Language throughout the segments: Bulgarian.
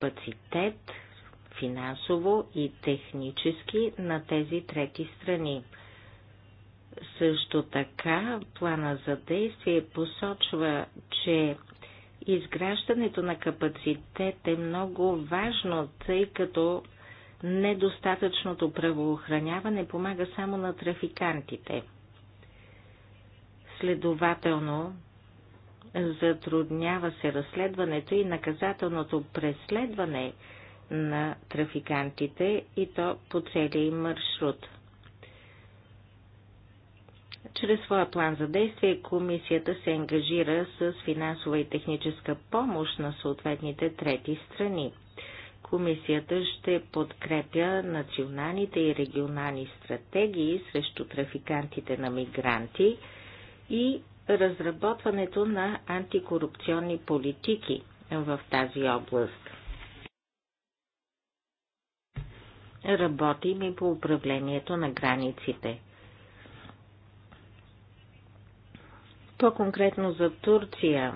капацитет финансово и технически на тези трети страни. Също така, плана за действие посочва, че изграждането на капацитет е много важно, тъй като недостатъчното правоохраняване помага само на трафикантите. Следователно, затруднява се разследването и наказателното преследване на трафикантите и то по целия им маршрут. Чрез своя план за действие комисията се ангажира с финансова и техническа помощ на съответните трети страни. Комисията ще подкрепя националните и регионални стратегии срещу трафикантите на мигранти и разработването на антикорупционни политики в тази област. Работим и по управлението на границите. По-конкретно за Турция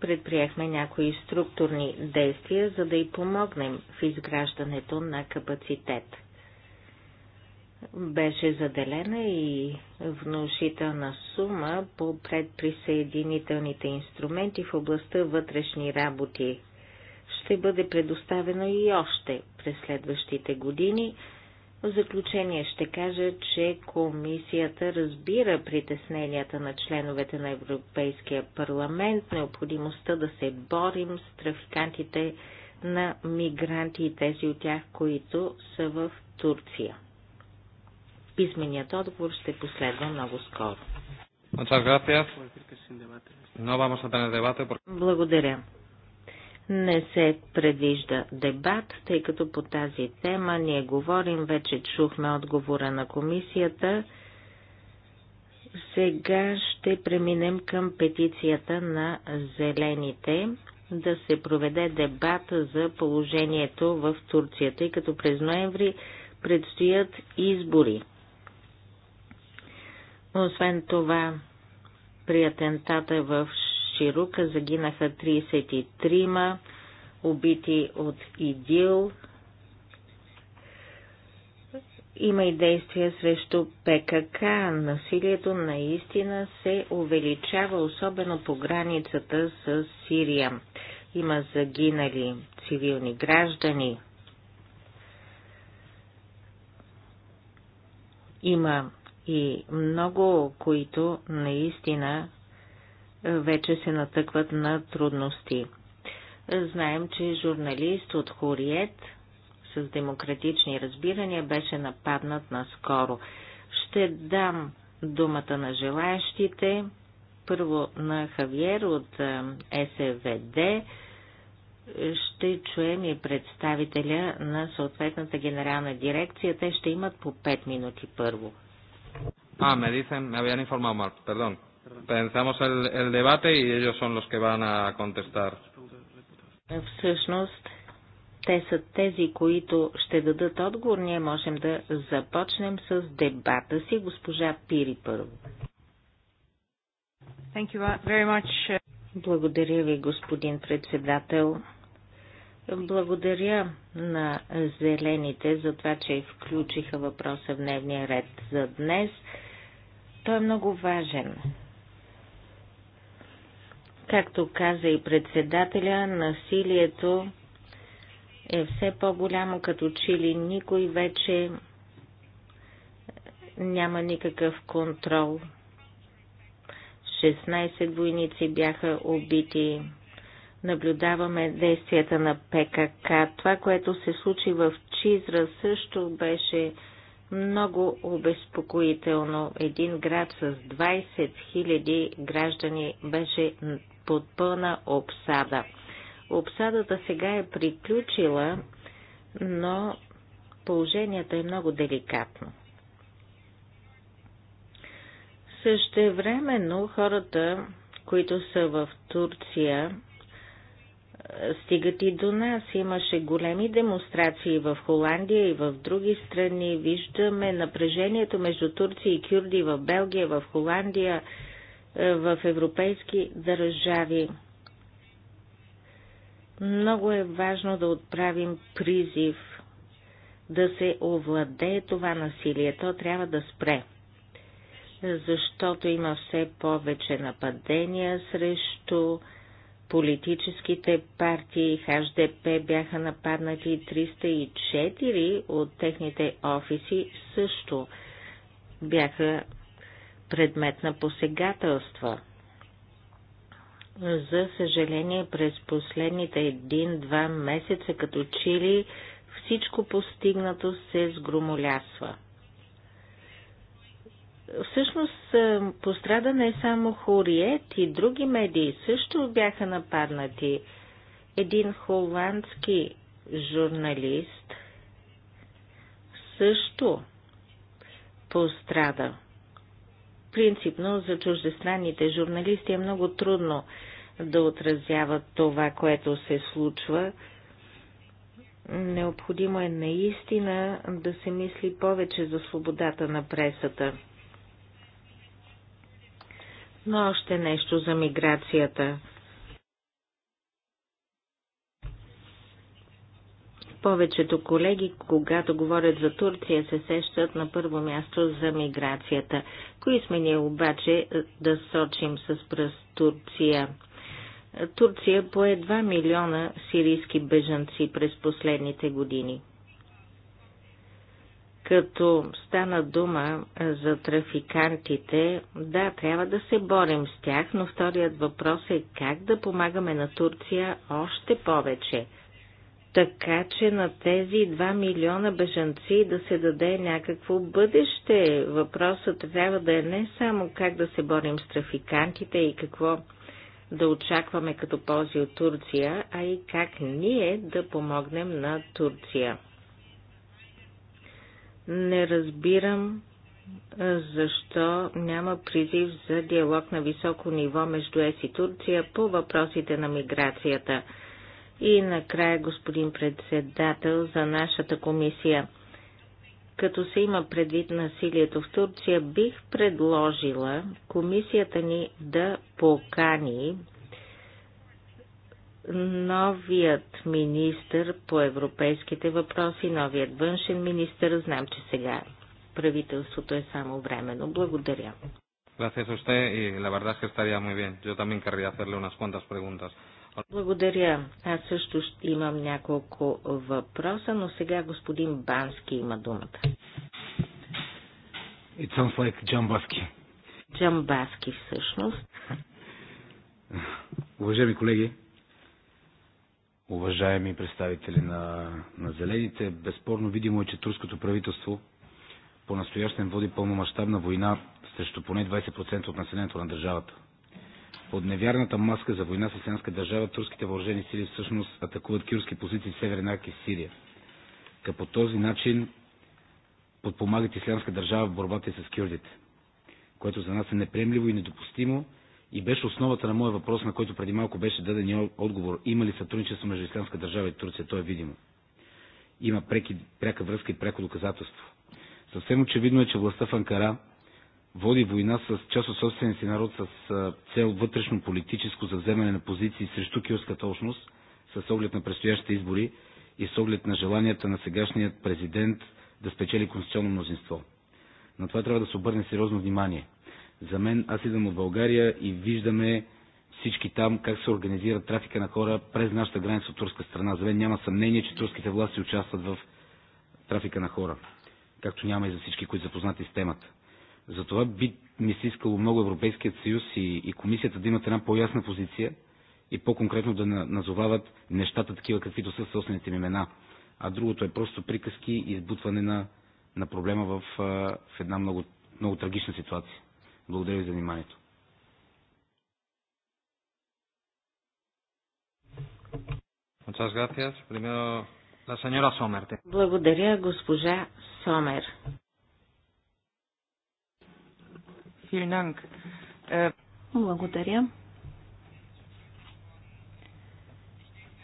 предприехме някои структурни действия, за да й помогнем в изграждането на капацитет – беше заделена и внушителна сума по предприсъединителните инструменти в областта вътрешни работи. Ще бъде предоставено и още през следващите години. В заключение ще кажа, че комисията разбира притесненията на членовете на Европейския парламент, необходимостта да се борим с трафикантите на мигранти и тези от тях, които са в Турция. Писменият отговор ще последва много скоро. Благодаря. Не се предвижда дебат, тъй като по тази тема ние говорим, вече чухме отговора на комисията. Сега ще преминем към петицията на зелените да се проведе дебат за положението в Турция, тъй като през ноември предстоят избори. Освен това, при атентата в Ширука загинаха 33 убити от ИДИЛ. Има и действия срещу ПКК. Насилието наистина се увеличава, особено по границата с Сирия. Има загинали цивилни граждани. Има и много, които наистина вече се натъкват на трудности. Знаем, че журналист от Хориет с демократични разбирания беше нападнат наскоро. Ще дам думата на желаящите. Първо на Хавиер от е, СВД ще чуем и представителя на съответната генерална дирекция. Те ще имат по 5 минути първо. Ah, me dicen, me habían informado mal, perdón. Pensamos el, el debate y ellos son los que van a contestar. Е, всъщност, те са тези, които ще дадат отговор. Ние можем да започнем с дебата си. Госпожа Пири първо. Thank you very much. Благодаря ви, господин председател. Благодаря на зелените за това, че включиха въпроса в дневния ред за днес. Той е много важен. Както каза и председателя, насилието е все по-голямо, като че ли никой вече няма никакъв контрол. 16 войници бяха убити. Наблюдаваме действията на ПКК. Това, което се случи в Чизра, също беше много обезпокоително. Един град с 20 000 граждани беше под пълна обсада. Обсадата сега е приключила, но положението е много деликатно. Същевременно хората, които са в Турция, стигат и до нас. Имаше големи демонстрации в Холандия и в други страни. Виждаме напрежението между Турция и Кюрди в Белгия, в Холандия, е, в европейски държави. Много е важно да отправим призив да се овладее това насилие. То трябва да спре защото има все повече нападения срещу Политическите партии ХДП бяха нападнати 304 от техните офиси също бяха предмет на посегателства. За съжаление, през последните един-два месеца като чили всичко постигнато се сгромолясва. Всъщност е, пострада не само Хориет и други медии също бяха нападнати. Един холандски журналист също пострада. Принципно за чуждестранните журналисти е много трудно да отразяват това, което се случва. Необходимо е наистина да се мисли повече за свободата на пресата. Но още нещо за миграцията. Повечето колеги, когато говорят за Турция, се сещат на първо място за миграцията. Кои сме ние обаче е, да сочим с пръст Турция? Турция пое 2 милиона сирийски бежанци през последните години. Като стана дума за трафикантите, да, трябва да се борим с тях, но вторият въпрос е как да помагаме на Турция още повече. Така че на тези 2 милиона бежанци да се даде някакво бъдеще. Въпросът трябва да е не само как да се борим с трафикантите и какво да очакваме като ползи от Турция, а и как ние да помогнем на Турция. Не разбирам защо няма призив за диалог на високо ниво между ЕС и Турция по въпросите на миграцията. И накрая, господин председател, за нашата комисия. Като се има предвид насилието в Турция, бих предложила комисията ни да покани новият министр по европейските въпроси, новият външен министр. Знам, че сега правителството е само временно. Благодаря. Gracias a usted y la verdad es que estaría muy bien. Yo también querría hacerle unas cuantas preguntas. Благодаря. Аз също имам няколко въпроса, но сега господин Бански има думата. It sounds like Джамбаски. Джамбаски всъщност. Уважаеми колеги, уважаеми представители на, на зелените. Безспорно видимо е, че турското правителство по-настоящен води пълномащабна война срещу поне 20% от населението на държавата. Под невярната маска за война с Исламска държава турските въоръжени сили всъщност атакуват кюрски позиции в Северна и Сирия. Като по този начин подпомагат Исламска държава в борбата с кюрдите, което за нас е неприемливо и недопустимо – и беше основата на моя въпрос, на който преди малко беше даден отговор. Има ли сътрудничество между Исламска държава и Турция? То е видимо. Има преки, пряка връзка и пряко доказателство. Съвсем очевидно е, че властта в Анкара води война с част от собствения си народ с цел вътрешно политическо вземане на позиции срещу киоската общност с оглед на предстоящите избори и с оглед на желанията на сегашният президент да спечели конституционно мнозинство. На това трябва да се обърне сериозно внимание – за мен, аз идвам от България и виждаме всички там как се организира трафика на хора през нашата граница от турска страна. За мен няма съмнение, че турските власти участват в трафика на хора, както няма и за всички, които запознати с темата. Затова би ми се искало много Европейският съюз и, и комисията да имат една по-ясна позиция и по-конкретно да назовават нещата такива, каквито са собствените ми имена. А другото е просто приказки и избутване на, на проблема в, в една много, много трагична ситуация. Благодаря ви за вниманието. Muchas gracias. Primero, la señora Sommer. Благодаря, госпожа Сомер. Е, Благодаря.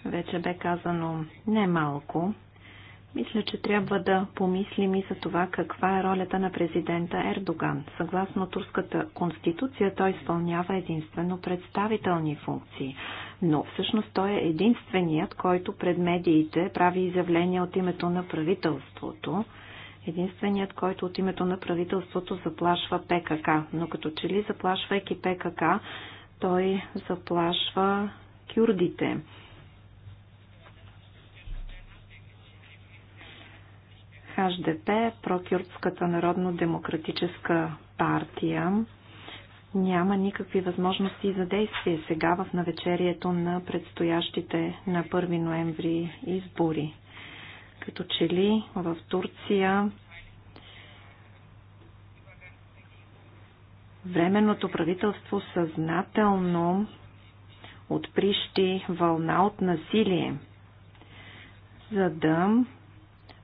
Вече бе казано немалко. Мисля, че трябва да помислим и за това каква е ролята на президента Ердоган. Съгласно турската конституция той изпълнява единствено представителни функции, но всъщност той е единственият, който пред медиите прави изявления от името на правителството единственият, който от името на правителството заплашва ПКК. Но като че ли заплашвайки ПКК, той заплашва кюрдите. ХДП, Прокюрдската народно-демократическа партия, няма никакви възможности за действие сега в навечерието на предстоящите на 1 ноември избори. Като че ли в Турция временното правителство съзнателно отприщи вълна от насилие, за да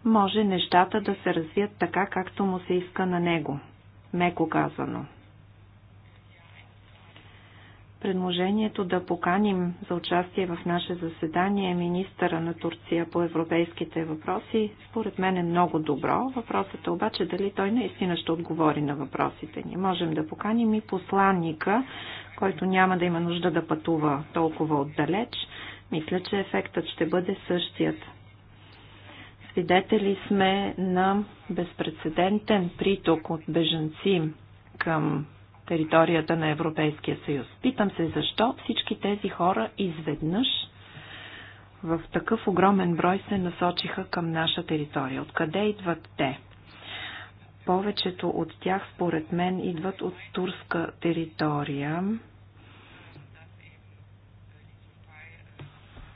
може нещата да се развият така, както му се иска на него, меко казано. Предложението да поканим за участие в наше заседание министъра на Турция по европейските въпроси, според мен е много добро. Въпросът е обаче дали той наистина ще отговори на въпросите ни. Можем да поканим и посланника, който няма да има нужда да пътува толкова отдалеч. Мисля, че ефектът ще бъде същият. Свидетели сме на безпредседентен приток от бежанци към територията на Европейския съюз. Питам се защо всички тези хора изведнъж в такъв огромен брой се насочиха към наша територия. Откъде идват те? Повечето от тях, според мен, идват от турска територия.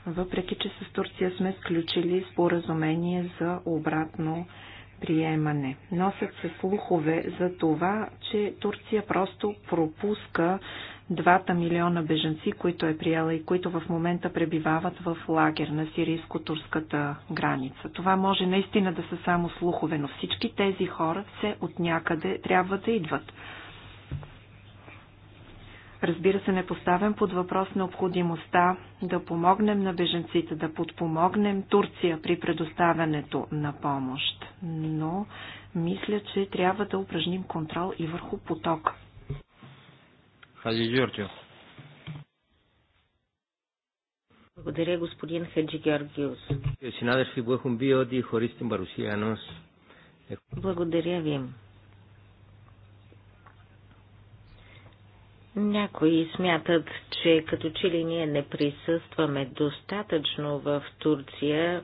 въпреки че с Турция сме сключили споразумение за обратно приемане. Носят се слухове за това, че Турция просто пропуска двата милиона бежанци, които е приела и които в момента пребивават в лагер на сирийско-турската граница. Това може наистина да са само слухове, но всички тези хора все от някъде трябва да идват. Разбира се, не поставям под въпрос необходимостта да помогнем на беженците, да подпомогнем Турция при предоставянето на помощ, но мисля, че трябва да упражним контрол и върху поток. Хаджи Георгиев. Благодаря, господин Хаджи Георгиус. Благодаря ви. Някои смятат, че като че ли ние не присъстваме достатъчно в Турция,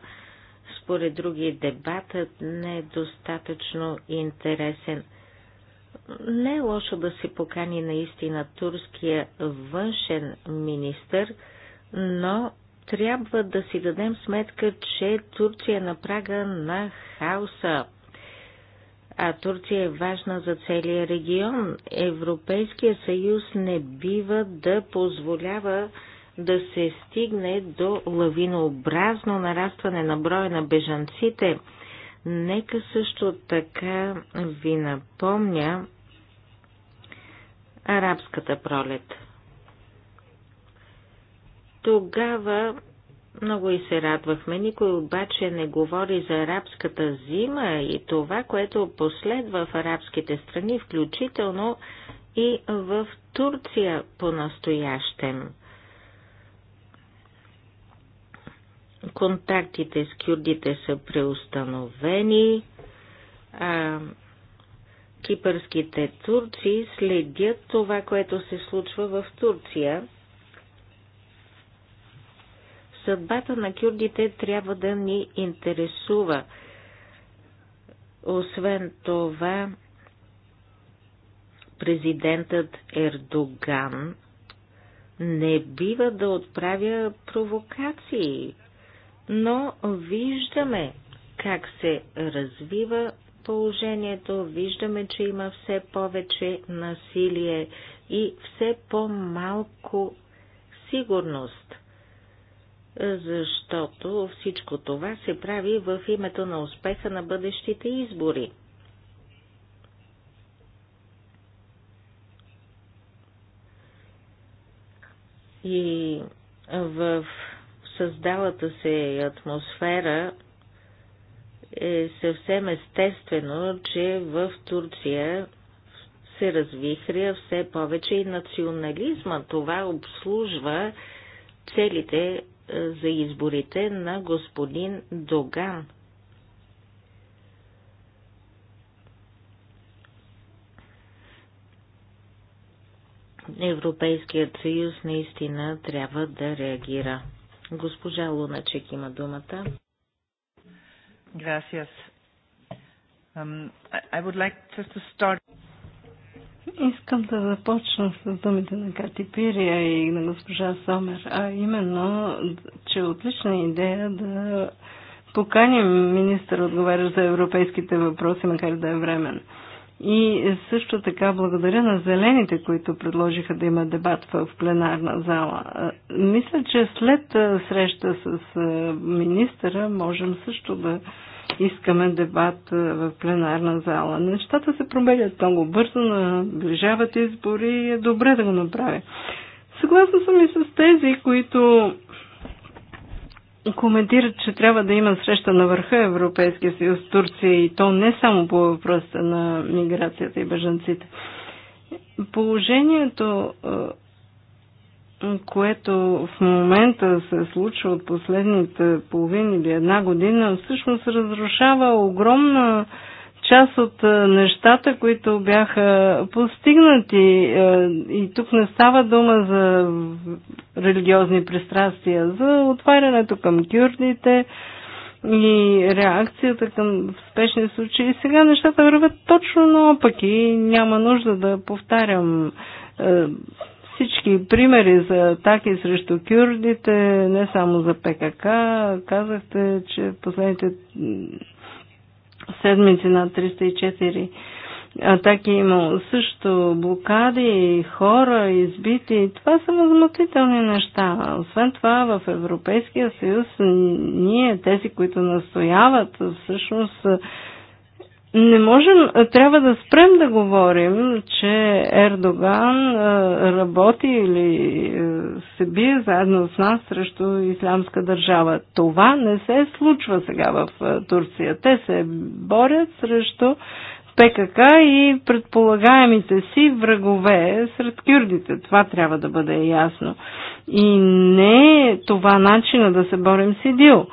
според други дебатът не е достатъчно интересен. Не е лошо да се покани наистина турския външен министр, но трябва да си дадем сметка, че Турция е на прага на хаоса а Турция е важна за целия регион. Европейския съюз не бива да позволява да се стигне до лавинообразно нарастване на броя на бежанците. Нека също така ви напомня арабската пролет. Тогава много и се радвахме, никой обаче не говори за арабската зима и това, което последва в арабските страни, включително и в Турция по-настоящем. Контактите с кюрдите са преустановени, а кипърските турци следят това, което се случва в Турция – съдбата на кюрдите трябва да ни интересува. Освен това, президентът Ердоган не бива да отправя провокации, но виждаме как се развива положението, виждаме, че има все повече насилие и все по-малко сигурност защото всичко това се прави в името на успеха на бъдещите избори. И в създалата се атмосфера е съвсем естествено, че в Турция се развихря все повече и национализма. Това обслужва целите за изборите на господин Доган. Европейският съюз наистина трябва да реагира. Госпожа Луначек има думата. Gracias. Um, I would like just to start Искам да започна с думите на Кати Пирия и на госпожа Сомер, а именно, че е отлична идея да поканим министър отговарящ за европейските въпроси, макар да е времен. И също така благодаря на зелените, които предложиха да има дебат в пленарна зала. Мисля, че след среща с министъра можем също да искаме дебат в пленарна зала. Нещата се променят много бързо, наближават избори и е добре да го направя. Съгласна съм и с тези, които коментират, че трябва да има среща на върха Европейския съюз Турция и то не само по въпроса на миграцията и бежанците. Положението което в момента се случва от последните половин или една година, всъщност разрушава огромна част от е, нещата, които бяха постигнати. Е, и тук не става дума за религиозни пристрастия, за отварянето към кюрдите и реакцията към спешни случаи. Сега нещата върват точно наопаки. Няма нужда да повтарям е, всички примери за атаки срещу кюрдите, не само за ПКК, казахте, че последните седмици на 304 атаки е има също блокади, хора избити. Това са възмутителни неща. Освен това в Европейския съюз ние, тези, които настояват, всъщност не можем, трябва да спрем да говорим, че Ердоган работи или се бие заедно с нас срещу ислямска държава. Това не се случва сега в Турция. Те се борят срещу ПКК и предполагаемите си врагове сред кюрдите. Това трябва да бъде ясно. И не е това начина да се борим с ИДИЛ.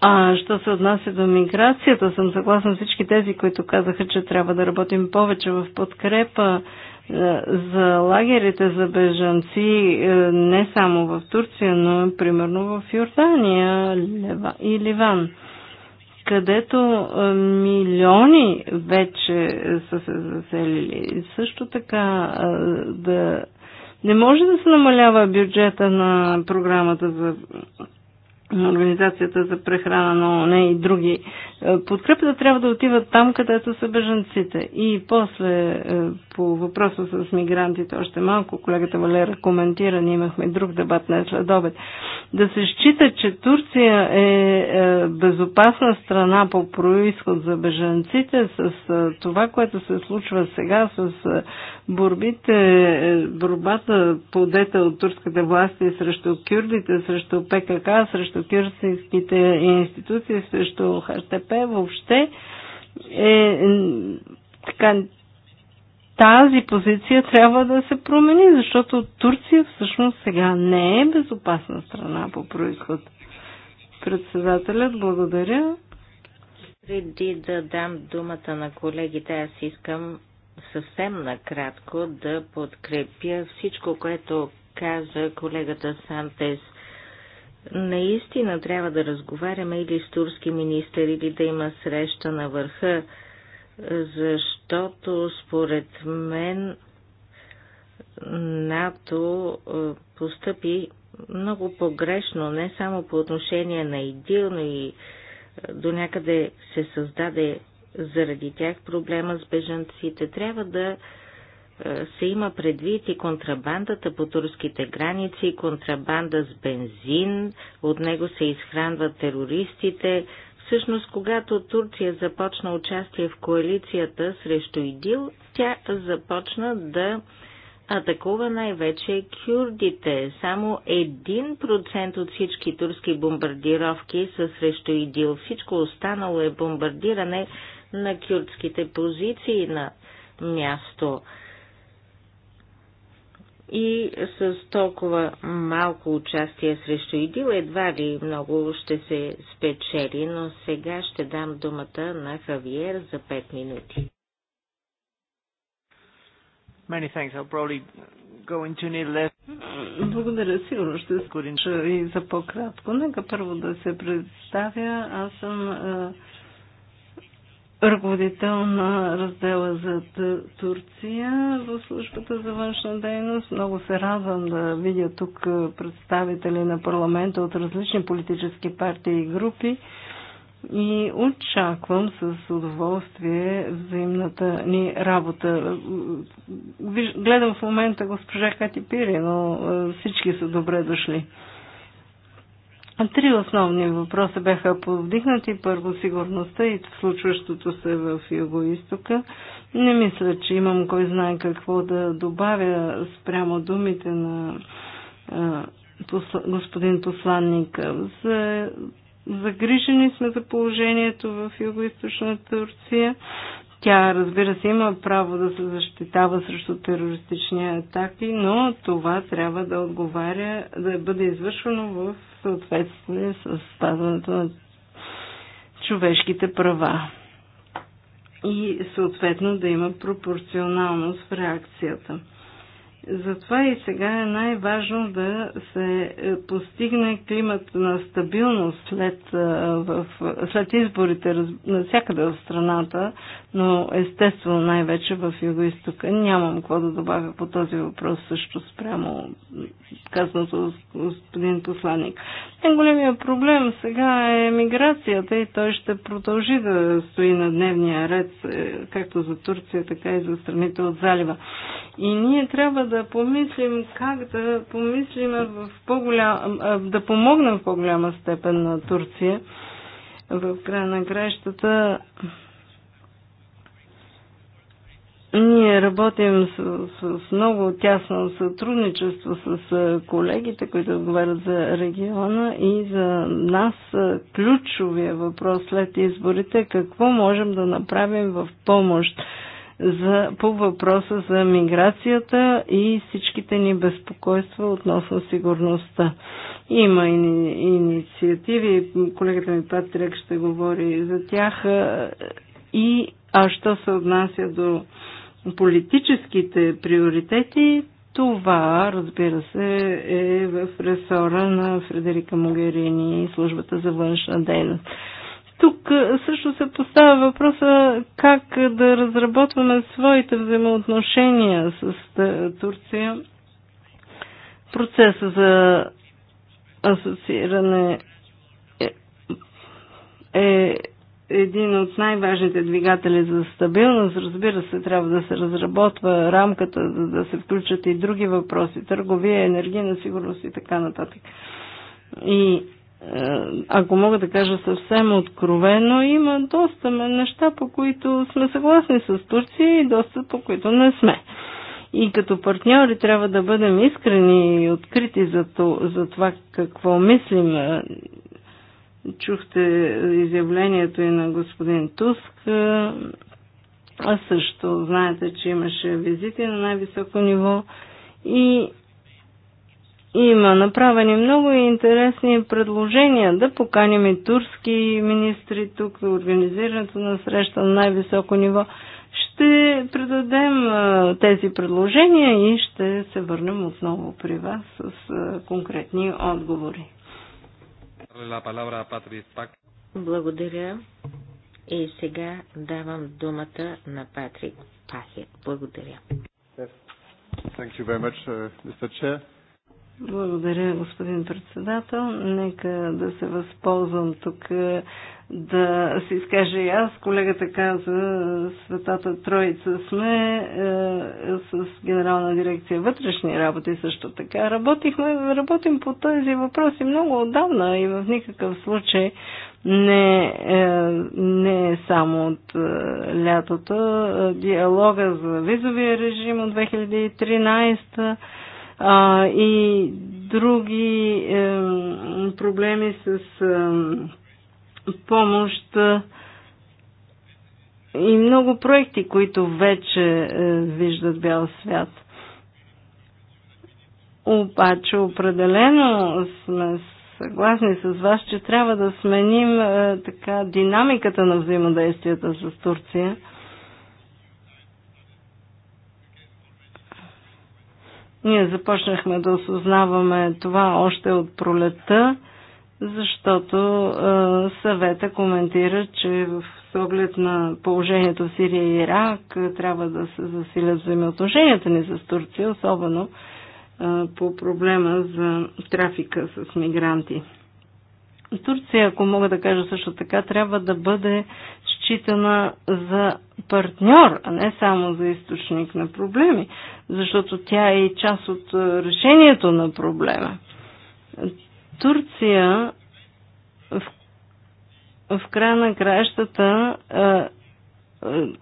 А що се отнася до миграцията, съм съгласна всички тези, които казаха, че трябва да работим повече в подкрепа е, за лагерите за бежанци е, не само в Турция, но примерно в Йордания и Ливан, където е, милиони вече са се заселили. Също така да не може да се намалява бюджета на програмата за Организацията за прехрана на ОНЕ и други. Е, подкрепата трябва да отиват там, където са бежанците. И после, е, по въпроса с мигрантите, още малко колегата Валера коментира, ние имахме друг дебат на след обед, да се счита, че Турция е, е безопасна страна по происход за бежанците с това, което се случва сега с борбите, борбата подета от турската власт и срещу кюрдите, срещу ПКК, срещу кюрдските институции, срещу ХТП въобще е така тази позиция трябва да се промени, защото Турция всъщност сега не е безопасна страна по происход. Председателят, благодаря. Преди да дам думата на колегите, аз искам съвсем накратко да подкрепя всичко, което каза колегата Сантес. Наистина трябва да разговаряме или с турски министър, или да има среща на върха, защото според мен НАТО е, постъпи много погрешно, не само по отношение на ИДИЛ, но и е, до някъде се създаде заради тях проблема с бежанците. Трябва да е, се има предвид и контрабандата по турските граници, контрабанда с бензин, от него се изхранват терористите. Всъщност, когато Турция започна участие в коалицията срещу ИДИЛ, тя започна да атакува най-вече кюрдите. Само 1% от всички турски бомбардировки са срещу ИДИЛ. Всичко останало е бомбардиране на кюртските позиции на място. И с толкова малко участие срещу ИДИЛ едва ли много ще се спечели, но сега ще дам думата на Хавиер за 5 минути. Many thanks. I'll probably go into less. Благодаря, сигурно ще скоринча и за по-кратко. Нека първо да се представя. Аз съм uh, ръководител на раздела за Турция в службата за външна дейност. Много се радвам да видя тук представители на парламента от различни политически партии и групи и очаквам с удоволствие взаимната ни работа. Гледам в момента госпожа Кати Пири, но е, всички са добре дошли. Три основни въпроса бяха повдигнати. Първо, сигурността и случващото се в Юго-Истока. Не мисля, че имам кой знае какво да добавя спрямо думите на господин посланник. За... Загрижени сме за положението в Юго-Источна Турция тя, разбира се, има право да се защитава срещу терористични атаки, но това трябва да отговаря, да бъде извършено в съответствие с спазването на човешките права. И съответно да има пропорционалност в реакцията. Затова и сега е най-важно да се е, постигне климат на стабилност след, е, в, след изборите навсякъде в страната, но естествено най-вече в Юго-Истока. Нямам какво да добавя по този въпрос също спрямо казаното господин посланник. Най-големия проблем сега е миграцията и той ще продължи да стои на дневния ред, е, както за Турция, така и за страните от залива. И ние трябва да помислим как да помислим в по-голям, е, да помогнем в по-голяма степен на Турция в края на краищата ние работим с, с, много тясно сътрудничество с колегите, които отговарят за региона и за нас ключовия въпрос след изборите е какво можем да направим в помощ за, по въпроса за миграцията и всичките ни безпокойства относно сигурността. Има и инициативи, колегата ми Патрик ще говори за тях и а що се отнася до политическите приоритети, това, разбира се, е в ресора на Фредерика Могерини и службата за външна дейност. Тук също се поставя въпроса как да разработваме своите взаимоотношения с Турция. Процеса за асоцииране е, е един от най-важните двигатели за стабилност. Разбира се, трябва да се разработва рамката, за да се включат и други въпроси, търговия, енергийна сигурност и така нататък. И е, ако мога да кажа съвсем откровено, има доста неща, по които сме съгласни с Турция и доста по които не сме. И като партньори трябва да бъдем искрени и открити за, то, за това какво мислим. Чухте изявлението и на господин Туск. А също знаете, че имаше визити на най-високо ниво и има направени много интересни предложения да поканим и турски министри тук, организирането на среща на най-високо ниво. Ще предадем тези предложения и ще се върнем отново при вас с конкретни отговори. Благодаря. И сега давам думата на Патрик Пахет. Благодаря. Much, uh, Благодаря, господин председател. Нека да се възползвам тук да се изкаже и аз. Колегата каза, Светата Троица сме е, с Генерална дирекция вътрешни работи също така. Работихме, работим по тези въпроси много отдавна и в никакъв случай не, е, не е само от е, лятото. Диалога за визовия режим от 2013 а, и други е, проблеми с е, помощ и много проекти, които вече е, виждат бял свят. Обаче определено сме съгласни с вас, че трябва да сменим е, така динамиката на взаимодействията с Турция. Ние започнахме да осъзнаваме това още от пролета защото съвета коментира, че в с оглед на положението в Сирия и Ирак трябва да се засилят взаимоотношенията ни с Турция, особено по проблема за трафика с мигранти. Турция, ако мога да кажа също така, трябва да бъде считана за партньор, а не само за източник на проблеми, защото тя е и част от решението на проблема. Турция в, в края на краищата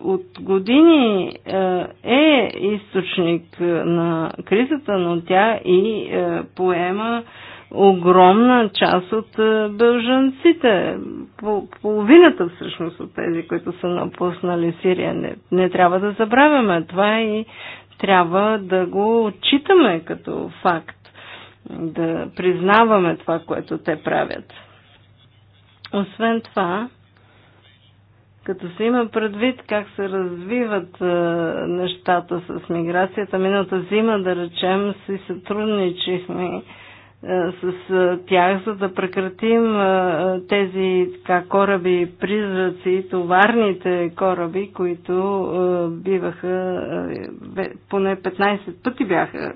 от години е източник на кризата, но тя и поема огромна част от бължанците. Половината всъщност от тези, които са напуснали Сирия. Не, не трябва да забравяме това и трябва да го отчитаме като факт да признаваме това, което те правят. Освен това, като се има предвид как се развиват е, нещата с миграцията, миналата зима, да речем, си сътрудничихме е, с е, тях, за да прекратим е, тези така, кораби, призраци, товарните кораби, които биваха, поне 15 пъти бяха,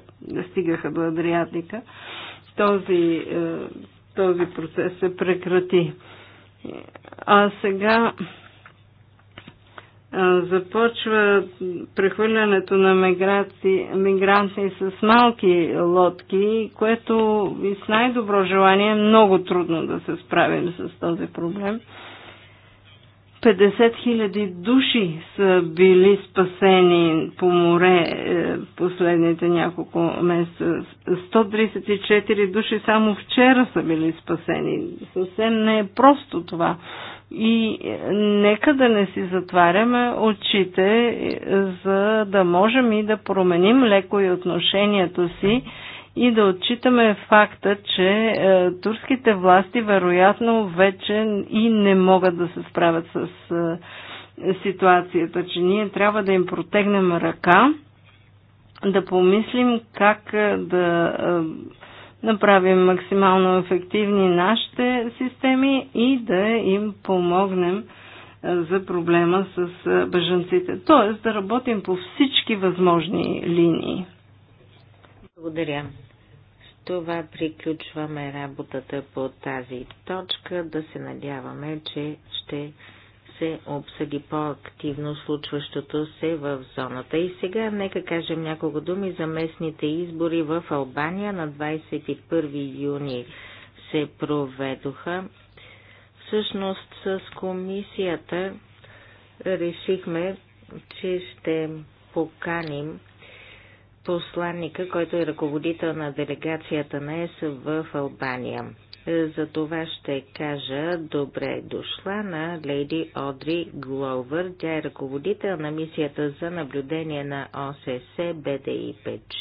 стигаха до Адриатика. Този, този процес се прекрати. А сега започва прехвърлянето на миграци, мигранти с малки лодки, което и с най-добро желание е много трудно да се справим с този проблем. 50 000 души са били спасени по море е, последните няколко месеца. 134 души само вчера са били спасени. Съвсем не е просто това. И е, нека да не си затваряме очите, е, за да можем и да променим леко и отношението си и да отчитаме факта, че е, турските власти вероятно вече и не могат да се справят с е, ситуацията, че ние трябва да им протегнем ръка, да помислим как е, да направим максимално ефективни нашите системи и да им помогнем за проблема с бежанците. Тоест да работим по всички възможни линии. Благодаря. С това приключваме работата по тази точка. Да се надяваме, че ще се обсъди по-активно случващото се в зоната. И сега нека кажем няколко думи за местните избори в Албания на 21 юни се проведоха. Всъщност с комисията решихме, че ще поканим посланника, който е ръководител на делегацията на ЕС в Албания. За това ще кажа добре дошла на леди Одри Гловър. Тя е ръководител на мисията за наблюдение на ОСС БДИПЧ.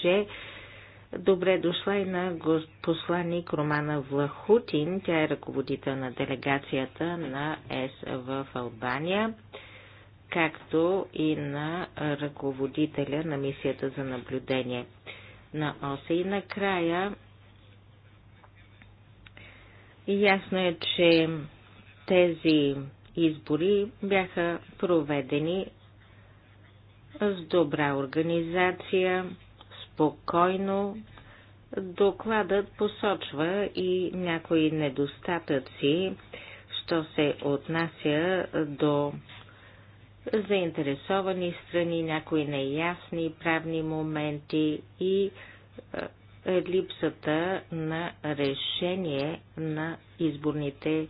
Добре дошла и на посланник Романа Влахутин. Тя е ръководител на делегацията на ЕС в Албания както и на ръководителя на мисията за наблюдение на ОСА. И накрая ясно е, че тези избори бяха проведени с добра организация, спокойно. Докладът посочва и някои недостатъци, що се отнася до заинтересовани страни, някои неясни правни моменти и е, е, липсата на решение на изборните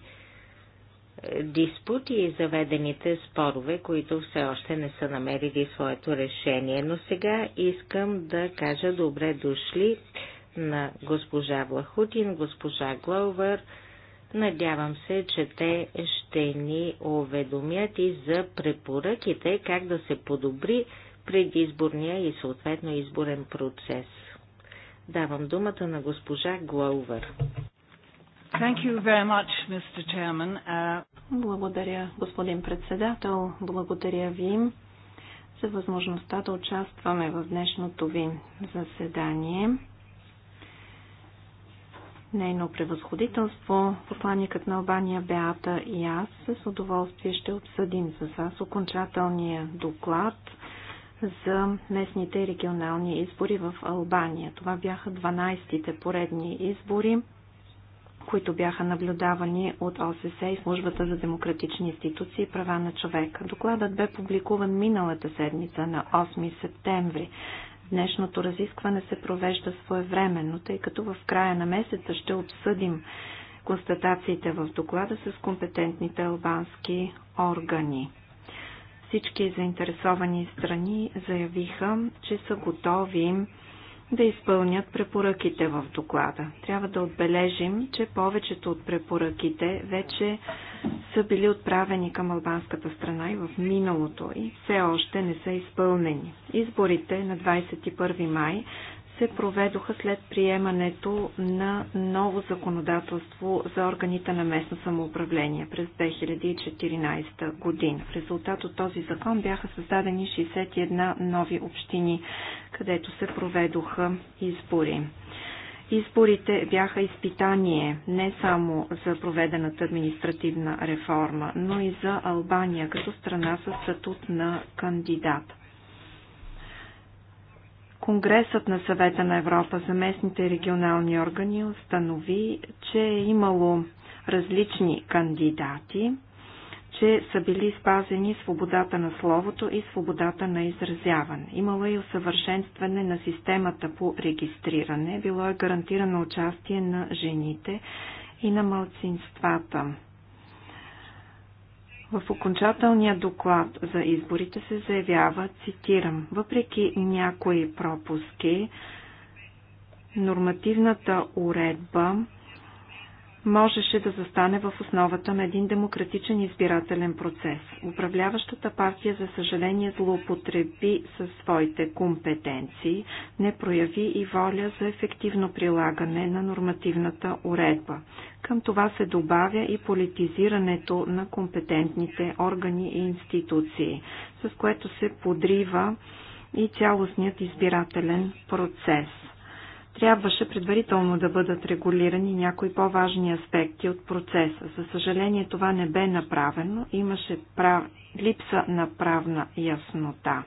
е, диспути и заведените спорове, които все още не са намерили своето решение. Но сега искам да кажа добре дошли на госпожа Влахутин, госпожа Гловър, Надявам се, че те ще ни уведомят и за препоръките как да се подобри предизборния и съответно изборен процес. Давам думата на госпожа Глоувър. Thank you very much, Mr. Chairman. Uh... Благодаря, господин председател. Благодаря ви за възможността да участваме в днешното ви заседание нейно превъзходителство, посланникът на Албания Беата и аз с удоволствие ще обсъдим с вас окончателния доклад за местните и регионални избори в Албания. Това бяха 12-те поредни избори, които бяха наблюдавани от ОССЕ и Службата за демократични институции и права на човека. Докладът бе публикуван миналата седмица на 8 септември. Днешното разискване се провежда своевременно, тъй като в края на месеца ще обсъдим констатациите в доклада с компетентните албански органи. Всички заинтересовани страни заявиха, че са готови да изпълнят препоръките в доклада. Трябва да отбележим, че повечето от препоръките вече са били отправени към албанската страна и в миналото и все още не са изпълнени. Изборите на 21 май се проведоха след приемането на ново законодателство за органите на местно самоуправление през 2014 година. В резултат от този закон бяха създадени 61 нови общини, където се проведоха избори. Изборите бяха изпитание не само за проведената административна реформа, но и за Албания като страна със статут на кандидат. Конгресът на съвета на Европа за местните регионални органи установи, че е имало различни кандидати, че са били спазени свободата на словото и свободата на изразяване. Имало е и усъвършенстване на системата по регистриране, било е гарантирано участие на жените и на малцинствата. В окончателния доклад за изборите се заявява, цитирам, въпреки някои пропуски, нормативната уредба можеше да застане в основата на един демократичен избирателен процес. Управляващата партия, за съжаление, злоупотреби със своите компетенции, не прояви и воля за ефективно прилагане на нормативната уредба. Към това се добавя и политизирането на компетентните органи и институции, с което се подрива и цялостният избирателен процес – трябваше предварително да бъдат регулирани някои по-важни аспекти от процеса. За съжаление това не бе направено, имаше прав... липса на правна яснота,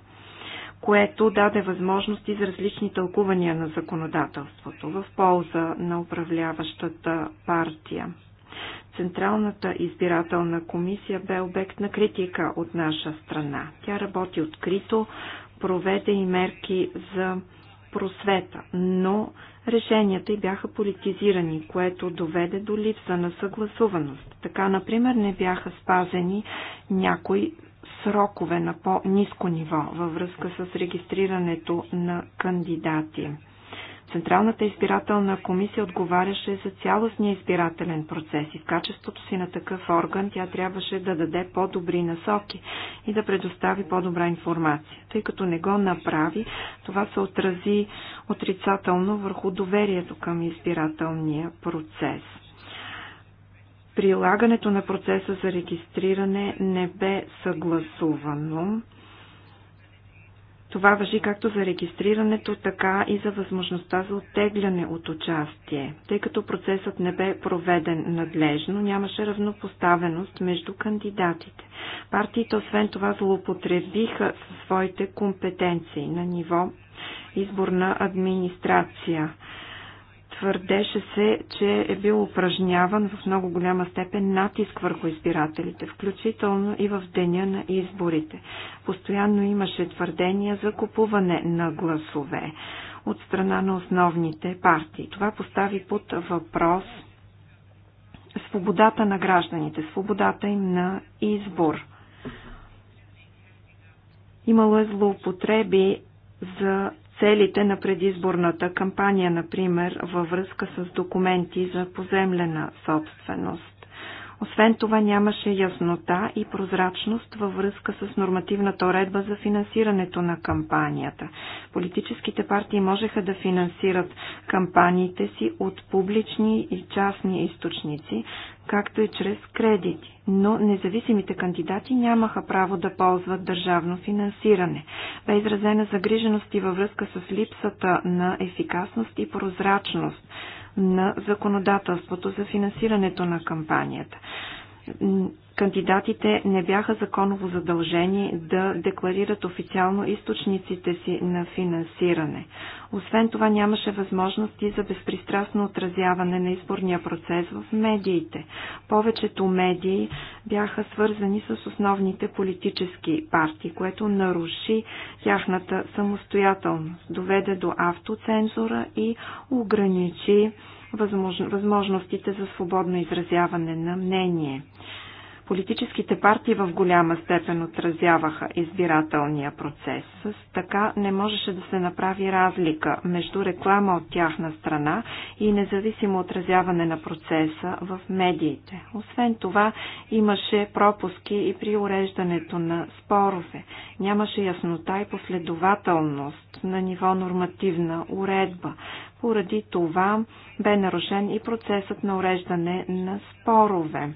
което даде възможности за различни тълкувания на законодателството в полза на управляващата партия. Централната избирателна комисия бе обект на критика от наша страна. Тя работи открито, проведе и мерки за просвета, но решенията й бяха политизирани, което доведе до липса на съгласуваност. Така, например, не бяха спазени някои срокове на по-низко ниво във връзка с регистрирането на кандидати. Централната избирателна комисия отговаряше за цялостния избирателен процес и в качеството си на такъв орган тя трябваше да даде по-добри насоки и да предостави по-добра информация. Тъй като не го направи, това се отрази отрицателно върху доверието към избирателния процес. Прилагането на процеса за регистриране не бе съгласувано. Това въжи както за регистрирането, така и за възможността за оттегляне от участие. Тъй като процесът не бе проведен надлежно, нямаше равнопоставеност между кандидатите. Партиите освен това злоупотребиха своите компетенции на ниво изборна администрация. Твърдеше се, че е бил упражняван в много голяма степен натиск върху избирателите, включително и в деня на изборите. Постоянно имаше твърдения за купуване на гласове от страна на основните партии. Това постави под въпрос свободата на гражданите, свободата им на избор. Имало е злоупотреби за целите на предизборната кампания, например във връзка с документи за поземлена собственост. Освен това нямаше яснота и прозрачност във връзка с нормативната уредба за финансирането на кампанията. Политическите партии можеха да финансират кампаниите си от публични и частни източници, както и чрез кредити, но независимите кандидати нямаха право да ползват държавно финансиране. Бе изразена загриженост и във връзка с липсата на ефикасност и прозрачност на законодателството за финансирането на кампанията кандидатите не бяха законово задължени да декларират официално източниците си на финансиране. Освен това нямаше възможности за безпристрастно отразяване на изборния процес в медиите. Повечето медии бяха свързани с основните политически партии, което наруши тяхната самостоятелност, доведе до автоцензура и ограничи възможностите за свободно изразяване на мнение. Политическите партии в голяма степен отразяваха избирателния процес. С така не можеше да се направи разлика между реклама от тяхна страна и независимо отразяване на процеса в медиите. Освен това, имаше пропуски и при уреждането на спорове. Нямаше яснота и последователност на ниво нормативна уредба. Поради това бе нарушен и процесът на уреждане на спорове.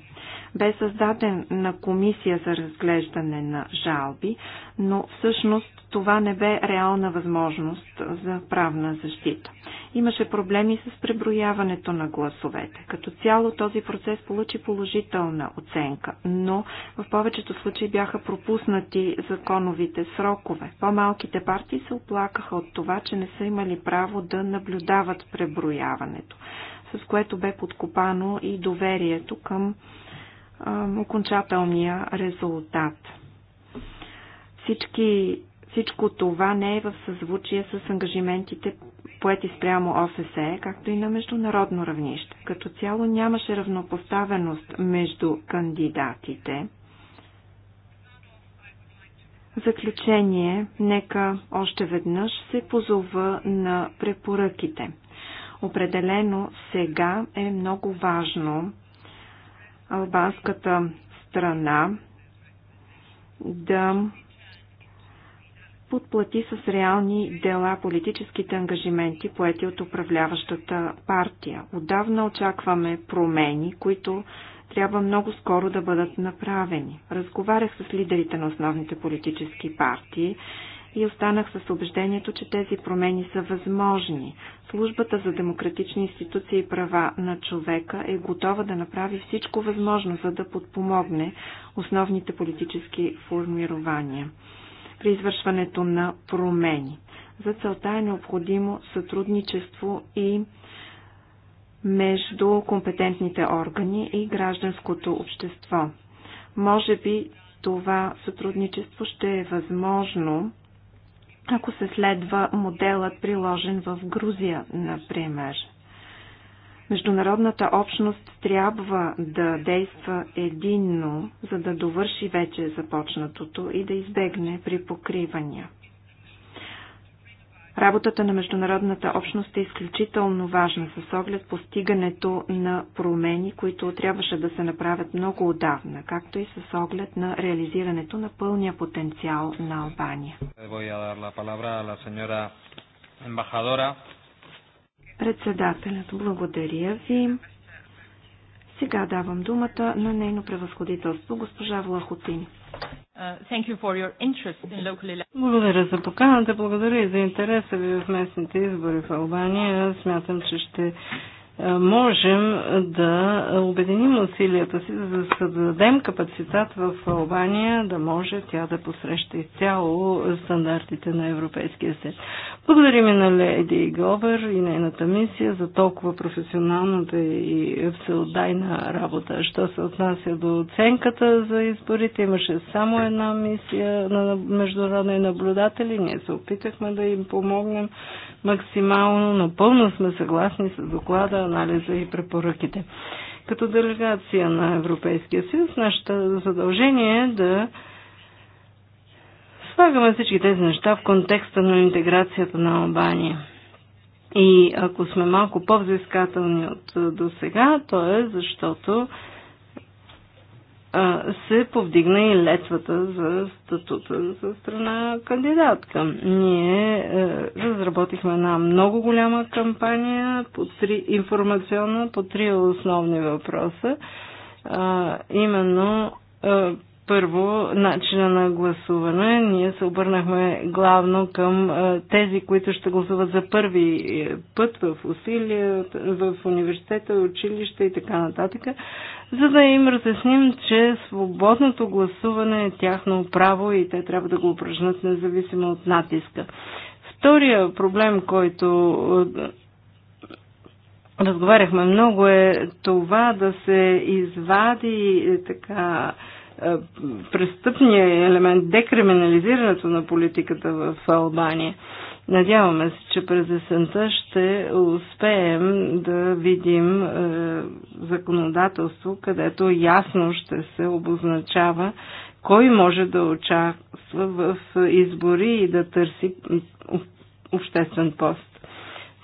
Бе създаден на комисия за разглеждане на жалби, но всъщност това не бе реална възможност за правна защита. Имаше проблеми с преброяването на гласовете. Като цяло този процес получи положителна оценка, но в повечето случаи бяха пропуснати законовите срокове. По-малките партии се оплакаха от това, че не са имали право да наблюдават преброяването, с което бе подкопано и доверието към окончателния резултат. Всички, всичко това не е в съзвучие с ангажиментите поети спрямо ОФСЕ, както и на международно равнище. Като цяло нямаше равнопоставеност между кандидатите. заключение, нека още веднъж се позова на препоръките. Определено сега е много важно албанската страна да подплати с реални дела политическите ангажименти, поети от управляващата партия. Отдавна очакваме промени, които трябва много скоро да бъдат направени. Разговарях с лидерите на основните политически партии и останах с убеждението, че тези промени са възможни. Службата за демократични институции и права на човека е готова да направи всичко възможно, за да подпомогне основните политически формирования при извършването на промени. За целта е необходимо сътрудничество и между компетентните органи и гражданското общество. Може би това сътрудничество ще е възможно ако се следва моделът приложен в Грузия, например. Международната общност трябва да действа единно, за да довърши вече започнатото и да избегне при покривания. Работата на международната общност е изключително важна с оглед постигането на промени, които трябваше да се направят много отдавна, както и с оглед на реализирането на пълния потенциал на Албания. Председателят, благодаря ви. Сега давам думата на нейно превъзходителство, госпожа Влахотин. Uh, благодаря за поканата, благодаря и за интереса ви в местните избори в Албания. Смятам, че ще е, можем да обединим усилията си, за да създадем капацитет в Албания, да може тя да посреща изцяло стандартите на Европейския съюз. Благодарим и на Леди Говер и нейната мисия за толкова професионалната и всеотдайна работа. Що се отнася до оценката за изборите, имаше само една мисия на международни наблюдатели. Ние се опитахме да им помогнем максимално. Напълно сме съгласни с доклада, анализа и препоръките. Като делегация на Европейския съюз, нашето задължение е да Слагаме всички тези неща в контекста на интеграцията на Албания. И ако сме малко по-взискателни от до сега, то е защото се повдигна и летвата за статута за страна кандидатка. Ние разработихме една много голяма кампания по три, информационна по три основни въпроса. А, именно а, първо начина на гласуване. Ние се обърнахме главно към е, тези, които ще гласуват за първи е, път в усилия, в университета, училище и така нататък, за да им разясним, че свободното гласуване е тяхно право и те трябва да го упражнат независимо от натиска. Втория проблем, който е, разговаряхме много е това да се извади така е, престъпния елемент, декриминализирането на политиката в Албания. Надяваме се, че през есента ще успеем да видим е, законодателство, където ясно ще се обозначава кой може да участва в избори и да търси обществен пост.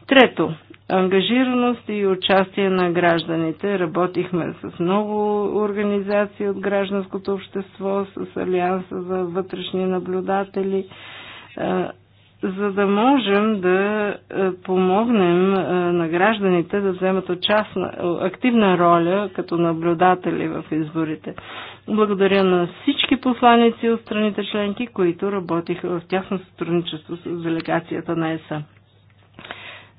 Трето, ангажираност и участие на гражданите. Работихме с много организации от гражданското общество, с Алианса за вътрешни наблюдатели, е, за да можем да е, помогнем е, на гражданите да вземат участна, активна роля като наблюдатели в изборите. Благодаря на всички посланици от страните членки, които работиха в тяхно сътрудничество с делегацията на ЕСА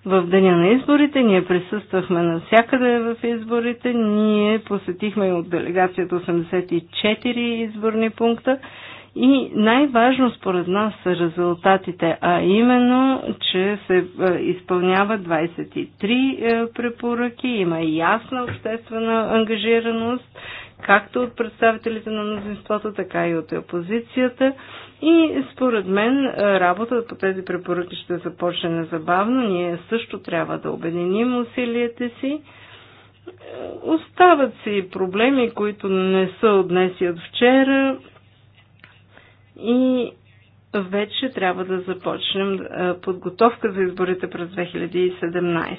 в деня на изборите. Ние присъствахме навсякъде в изборите. Ние посетихме от делегацията 84 изборни пункта. И най-важно според нас са резултатите, а именно, че се е, изпълняват 23 е, препоръки, има ясна обществена ангажираност както от представителите на мнозинството, така и от опозицията. И според мен е, работата по тези препоръки ще започне незабавно. Ние също трябва да обединим усилията си. Е, остават си проблеми, които не са от днес и от вчера. И вече трябва да започнем е, подготовка за изборите през 2017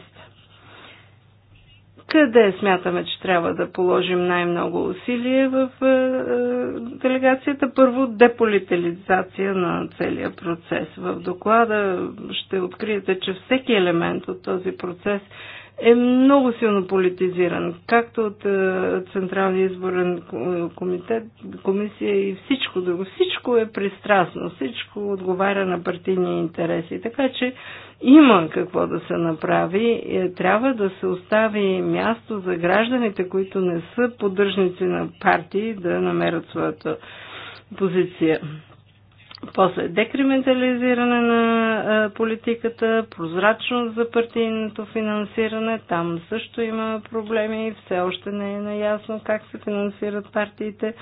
къде смятаме, че трябва да положим най-много усилие в е, е, делегацията. Първо, деполитализация на целия процес. В доклада ще откриете, че всеки елемент от този процес – е много силно политизиран, както от е, Централния изборен комитет, комисия и всичко друго. Всичко е пристрастно, всичко отговаря на партийни интереси. Така че има какво да се направи. Е, трябва да се остави място за гражданите, които не са поддръжници на партии, да намерят своята позиция. После декриментализиране на политиката, прозрачност за партийното финансиране. Там също има проблеми. Все още не е наясно как се финансират партиите.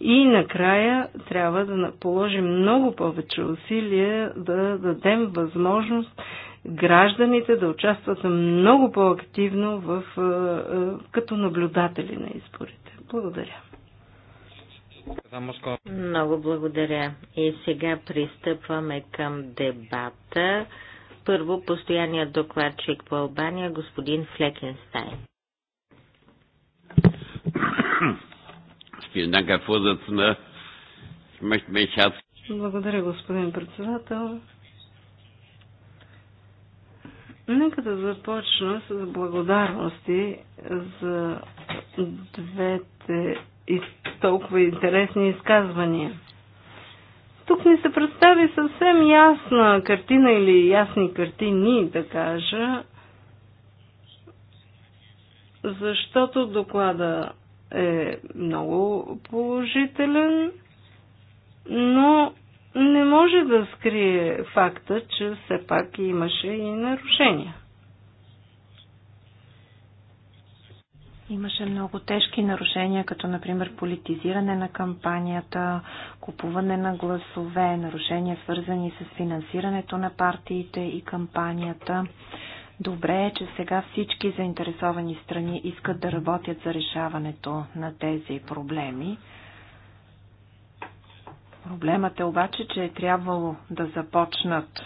И накрая трябва да положим много повече усилия да дадем възможност гражданите да участват много по-активно в, като наблюдатели на изборите. Благодаря. Много благодаря. И сега пристъпваме към дебата. Първо, постоянният докладчик по Албания, господин Флекенстайн. Благодаря, господин председател. Нека да започна с благодарности за двете и толкова интересни изказвания. Тук ни се представи съвсем ясна картина или ясни картини, да кажа, защото доклада е много положителен, но не може да скрие факта, че все пак имаше и нарушения. Имаше много тежки нарушения, като например политизиране на кампанията, купуване на гласове, нарушения свързани с финансирането на партиите и кампанията. Добре е, че сега всички заинтересовани страни искат да работят за решаването на тези проблеми. Проблемът е обаче, че е трябвало да започнат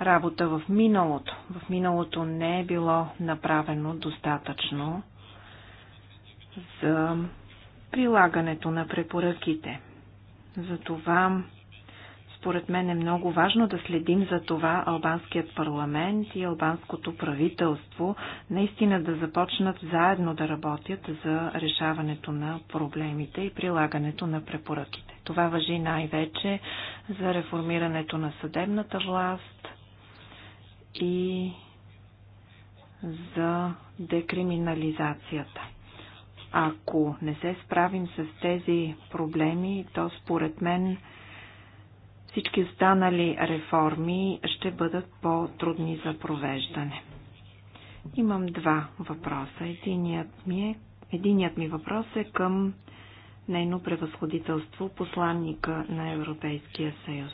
работа в миналото. В миналото не е било направено достатъчно за прилагането на препоръките. Затова, според мен е много важно да следим за това албанският парламент и албанското правителство наистина да започнат заедно да работят за решаването на проблемите и прилагането на препоръките. Това въжи най-вече за реформирането на съдебната власт и за декриминализацията. Ако не се справим с тези проблеми, то според мен всички останали реформи ще бъдат по-трудни за провеждане. Имам два въпроса. Единият ми, е, единият ми въпрос е към нейно превъзходителство, посланника на Европейския съюз.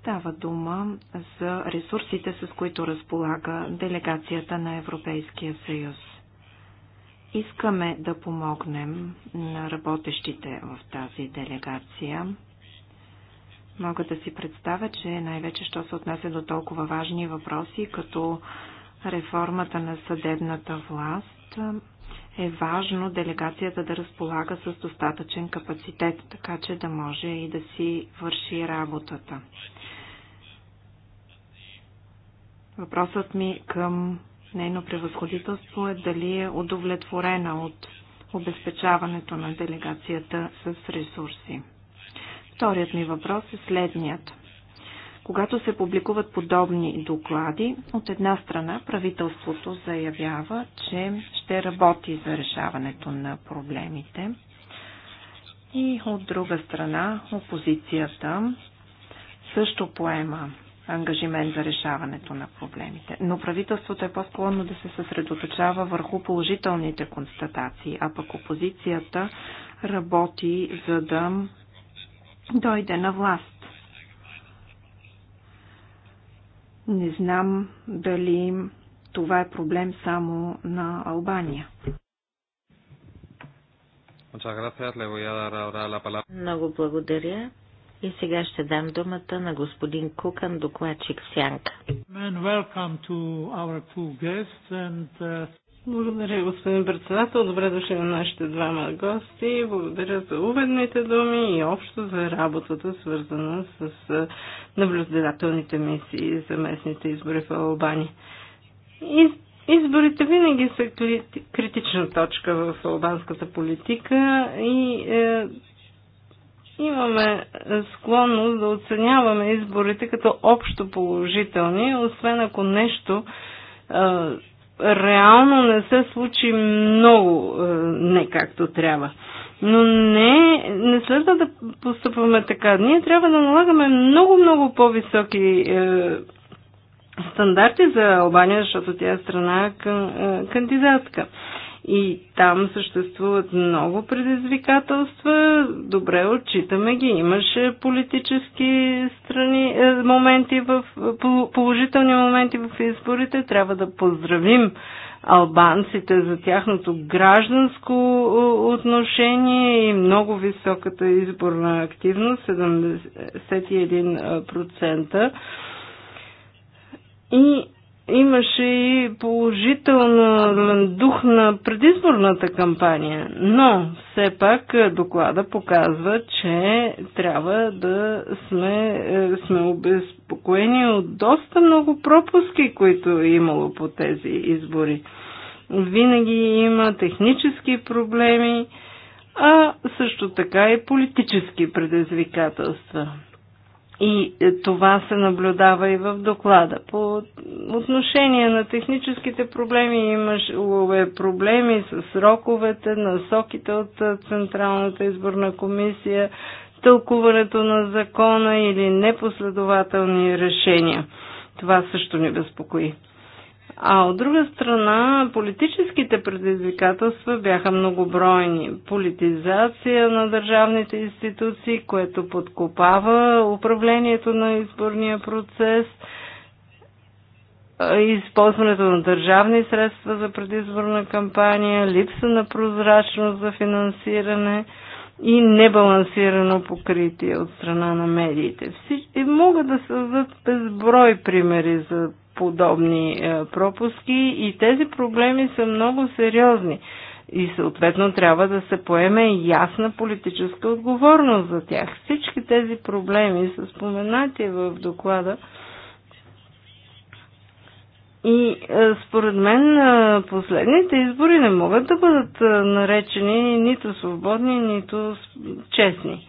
Става дума за ресурсите, с които разполага делегацията на Европейския съюз. Искаме да помогнем на работещите в тази делегация. Мога да си представя, че най-вече, що се отнася до толкова важни въпроси, като реформата на съдебната власт, е важно делегацията да разполага с достатъчен капацитет, така че да може и да си върши работата. Въпросът ми към Нейно превъзходителство е дали е удовлетворена от обезпечаването на делегацията с ресурси. Вторият ми въпрос е следният. Когато се публикуват подобни доклади, от една страна правителството заявява, че ще работи за решаването на проблемите и от друга страна опозицията също поема ангажимент за решаването на проблемите. Но правителството е по-склонно да се съсредоточава върху положителните констатации, а пък опозицията работи за да дойде на власт. Не знам дали това е проблем само на Албания. Много благодаря. И сега ще дам думата на господин Кукан, докладчик в Сянка. Uh, Благодаря, господин председател. Добре дошли на нашите двама гости. Благодаря за уведните думи и общо за работата, свързана с наблюдателните мисии за местните избори в Албания. Изборите винаги са критична точка в албанската политика и е, имаме е, склонност да оценяваме изборите като общо положителни, освен ако нещо а, е, реално не се случи много а, е, не както трябва. Но не, не следва да постъпваме така. Ние трябва да налагаме много-много по-високи е, стандарти за Албания, защото тя е страна кандидатка. е, кандидатка. И там съществуват много предизвикателства. Добре, отчитаме ги. Имаше политически страни, е, моменти в, положителни моменти в изборите. Трябва да поздравим албанците за тяхното гражданско е, отношение и много високата изборна активност 71%. И е, имаше и положителен дух на предизборната кампания, но все пак е, доклада показва, че трябва да сме, е, сме обезпокоени от доста много пропуски, които е имало по тези избори. Винаги има технически проблеми, а също така и политически предизвикателства. И е, това се наблюдава и в доклада. По отношение на техническите проблеми имаш е проблеми с сроковете, насоките от е, Централната изборна комисия, тълкуването на закона или непоследователни решения. Това също ни безпокои. А от друга страна, политическите предизвикателства бяха многобройни. Политизация на държавните институции, което подкопава управлението на изборния процес, използването на държавни средства за предизборна кампания, липса на прозрачност за финансиране и небалансирано покритие от страна на медиите. Всички могат да създадат безброй примери за подобни е, пропуски и тези проблеми са много сериозни и съответно трябва да се поеме ясна политическа отговорност за тях. Всички тези проблеми са споменати в доклада и е, според мен е, последните избори не могат да бъдат наречени нито свободни, нито честни.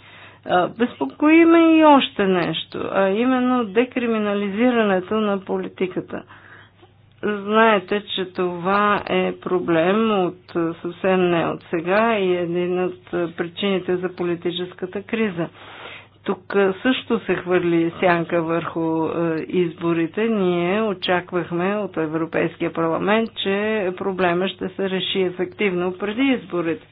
Безпокоиме и още нещо, а именно декриминализирането на политиката. Знаете, че това е проблем от съвсем не от сега и е един от причините за политическата криза. Тук също се хвърли сянка върху изборите. Ние очаквахме от Европейския парламент, че проблема ще се реши ефективно преди изборите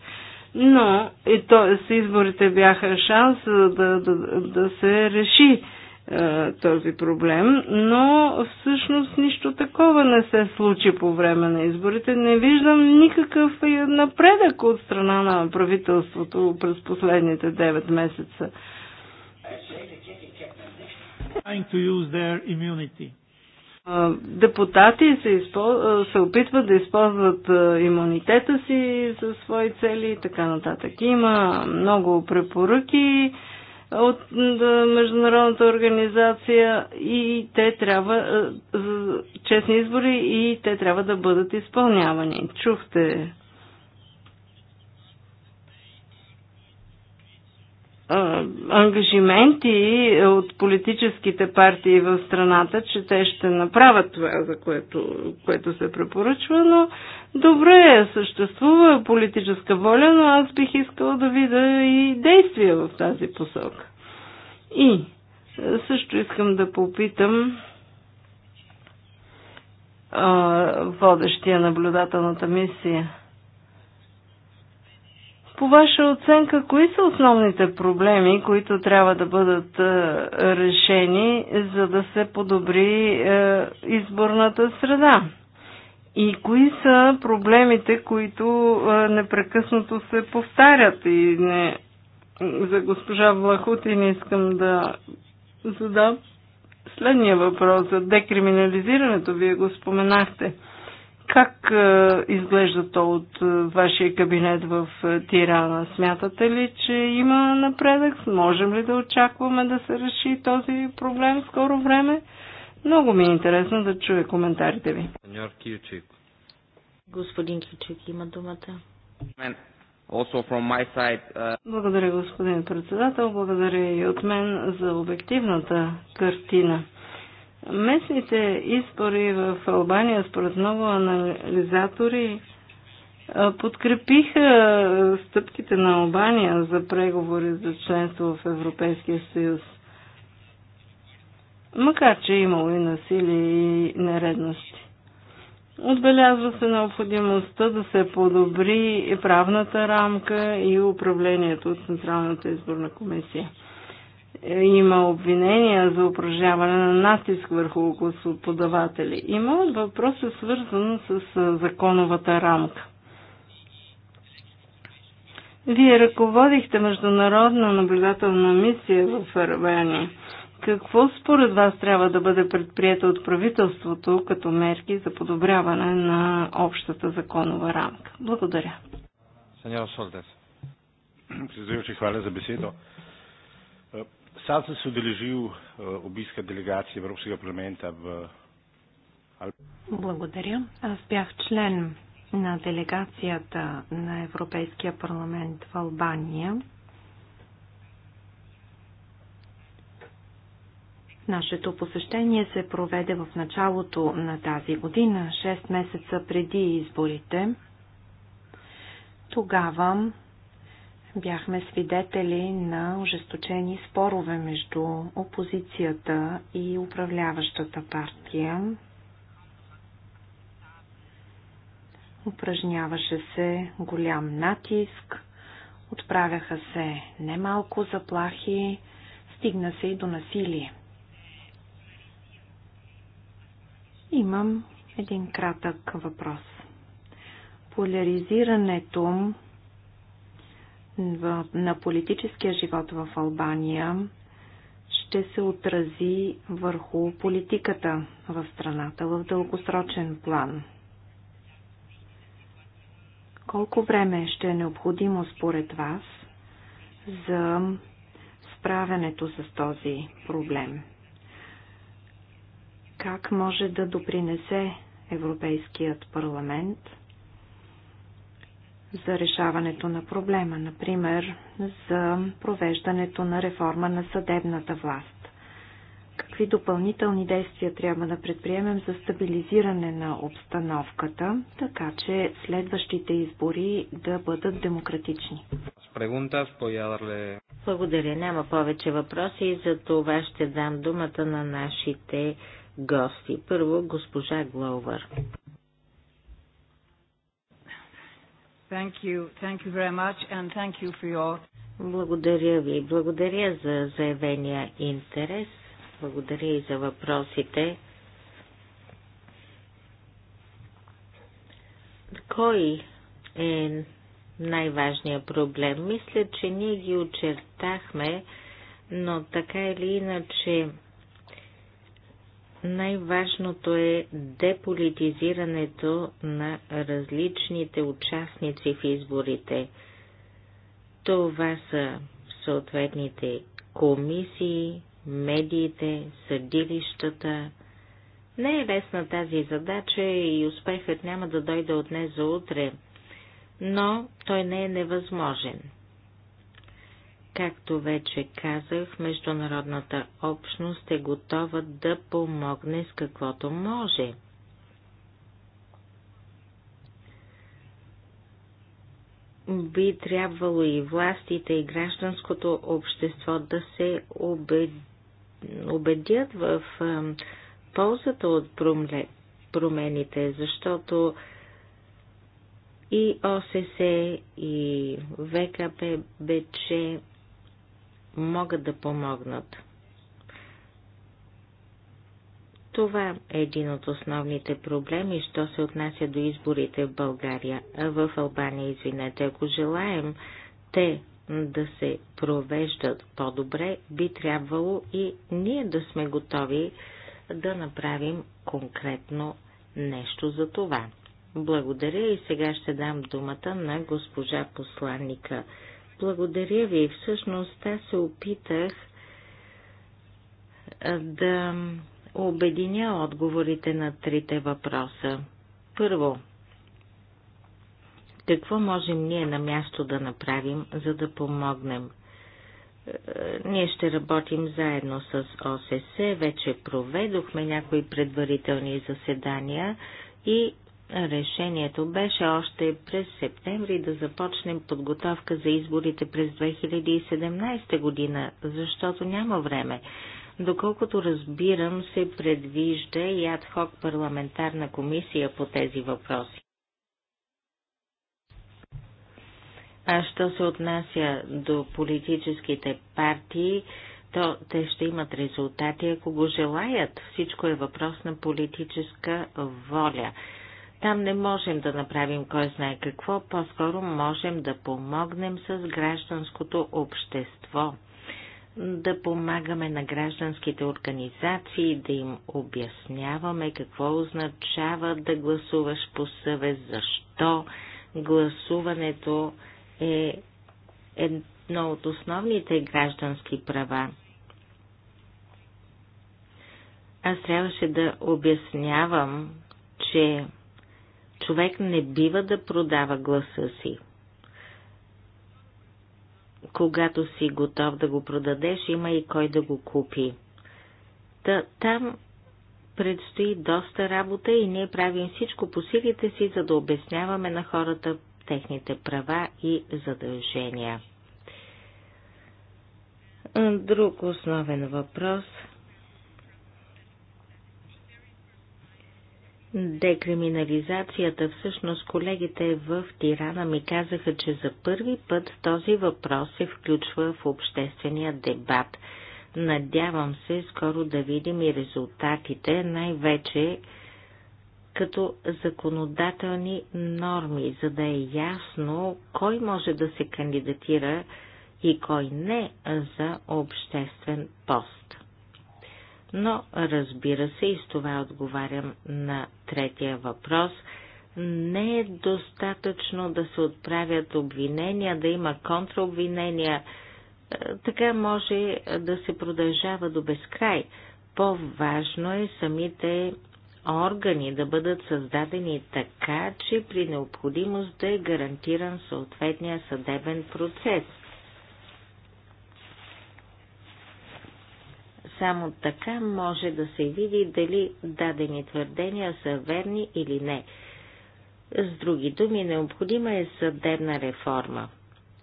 но и т.е. изборите бяха шанс да, да, да се реши е, този проблем, но всъщност нищо такова не се случи по време на изборите. Не виждам никакъв напредък от страна на правителството през последните 9 месеца. Депутати се, използва, се опитват да използват имунитета си за свои цели и така нататък. Има много препоръки от Международната организация и те трябва, за честни избори, и те трябва да бъдат изпълнявани. Чухте ангажименти от политическите партии в страната, че те ще направят това, за което, което се препоръчва, но добре, съществува политическа воля, но аз бих искала да видя и действия в тази посока. И също искам да попитам а, водещия наблюдателната мисия – по ваша оценка, кои са основните проблеми, които трябва да бъдат е, решени, за да се подобри е, изборната среда? И кои са проблемите, които е, непрекъснато се повтарят? И не... за госпожа Влахутин искам да задам следния въпрос за декриминализирането. Вие го споменахте – как е, изглежда то от е, вашия кабинет в е, Тирана? Смятате ли, че има напредък? Можем ли да очакваме да се реши този проблем в скоро време? Много ми е интересно да чуя коментарите ви. Сеньор Господин Кичик има думата. Side, uh... Благодаря, господин председател. Благодаря и от мен за обективната картина. Местните избори в Албания, според много анализатори, подкрепиха стъпките на Албания за преговори за членство в Европейския съюз. Макар, че е имало и насилие и нередности. Отбелязва се необходимостта да се подобри и правната рамка и управлението от Централната изборна комисия има обвинения за упражняване на натиск върху гласоподаватели. И моят въпрос е свързан с законовата рамка. Вие ръководихте международна наблюдателна мисия в Армения. Какво според вас трябва да бъде предприето от правителството като мерки за подобряване на общата законова рамка? Благодаря. Сеньор Солдес, хваля за беседо. Sam sem se udeležil obiska delegacije Evropskega парламента в Благодаря. Аз бях член на делегацията на Европейския парламент в Албания. Нашето посещение се проведе в началото на тази година, 6 месеца преди изборите. Тогава бяхме свидетели на ожесточени спорове между опозицията и управляващата партия. Упражняваше се голям натиск, отправяха се немалко заплахи, стигна се и до насилие. Имам един кратък въпрос. Поляризирането на политическия живот в Албания ще се отрази върху политиката в страната в дългосрочен план. Колко време ще е необходимо според вас за справянето с този проблем? Как може да допринесе Европейският парламент – за решаването на проблема, например за провеждането на реформа на съдебната власт. Какви допълнителни действия трябва да предприемем за стабилизиране на обстановката, така че следващите избори да бъдат демократични? Благодаря. Няма повече въпроси и за това ще дам думата на нашите гости. Първо госпожа Гловър. Thank you. Thank you very much and thank you for your... Благодаря ви. Благодаря за заявения интерес. Благодаря и за въпросите. Кой е най-важният проблем? Мисля, че ние ги очертахме, но така или иначе най-важното е деполитизирането на различните участници в изборите. Това са съответните комисии, медиите, съдилищата. Не е лесна тази задача и успехът няма да дойде от днес за утре, но той не е невъзможен – Както вече казах, международната общност е готова да помогне с каквото може. Би трябвало и властите, и гражданското общество да се убедят в ползата от промените, защото и ОСС, и ВКПБЧ могат да помогнат. Това е един от основните проблеми, що се отнася до изборите в България, А в Албания, извинете. Ако желаем те да се провеждат по-добре, би трябвало и ние да сме готови да направим конкретно нещо за това. Благодаря и сега ще дам думата на госпожа посланника благодаря ви. Всъщност аз се опитах да обединя отговорите на трите въпроса. Първо, какво можем ние на място да направим, за да помогнем? Ние ще работим заедно с ОСС, вече проведохме някои предварителни заседания и Решението беше още през септември да започнем подготовка за изборите през 2017 година, защото няма време. Доколкото разбирам, се предвижда и адхок парламентарна комисия по тези въпроси. А що се отнася до политическите партии, то те ще имат резултати, ако го желаят. Всичко е въпрос на политическа воля. Там не можем да направим кой знае какво, по-скоро можем да помогнем с гражданското общество, да помагаме на гражданските организации, да им обясняваме какво означава да гласуваш по съвест, защо гласуването е едно от основните граждански права. Аз трябваше да обяснявам, че Човек не бива да продава гласа си. Когато си готов да го продадеш, има и кой да го купи. Та, там предстои доста работа и ние правим всичко по силите си, за да обясняваме на хората техните права и задължения. Друг основен въпрос – декриминализацията. Всъщност колегите в Тирана ми казаха, че за първи път този въпрос се включва в обществения дебат. Надявам се скоро да видим и резултатите, най-вече като законодателни норми, за да е ясно кой може да се кандидатира и кой не за обществен пост но разбира се, и с това отговарям на третия въпрос, не е достатъчно да се отправят обвинения, да има контраобвинения. Е, така може да се продължава до безкрай. По-важно е самите органи да бъдат създадени така, че при необходимост да е гарантиран съответния съдебен процес – Само така може да се види дали дадени твърдения са верни или не. С други думи, необходима е съдебна реформа.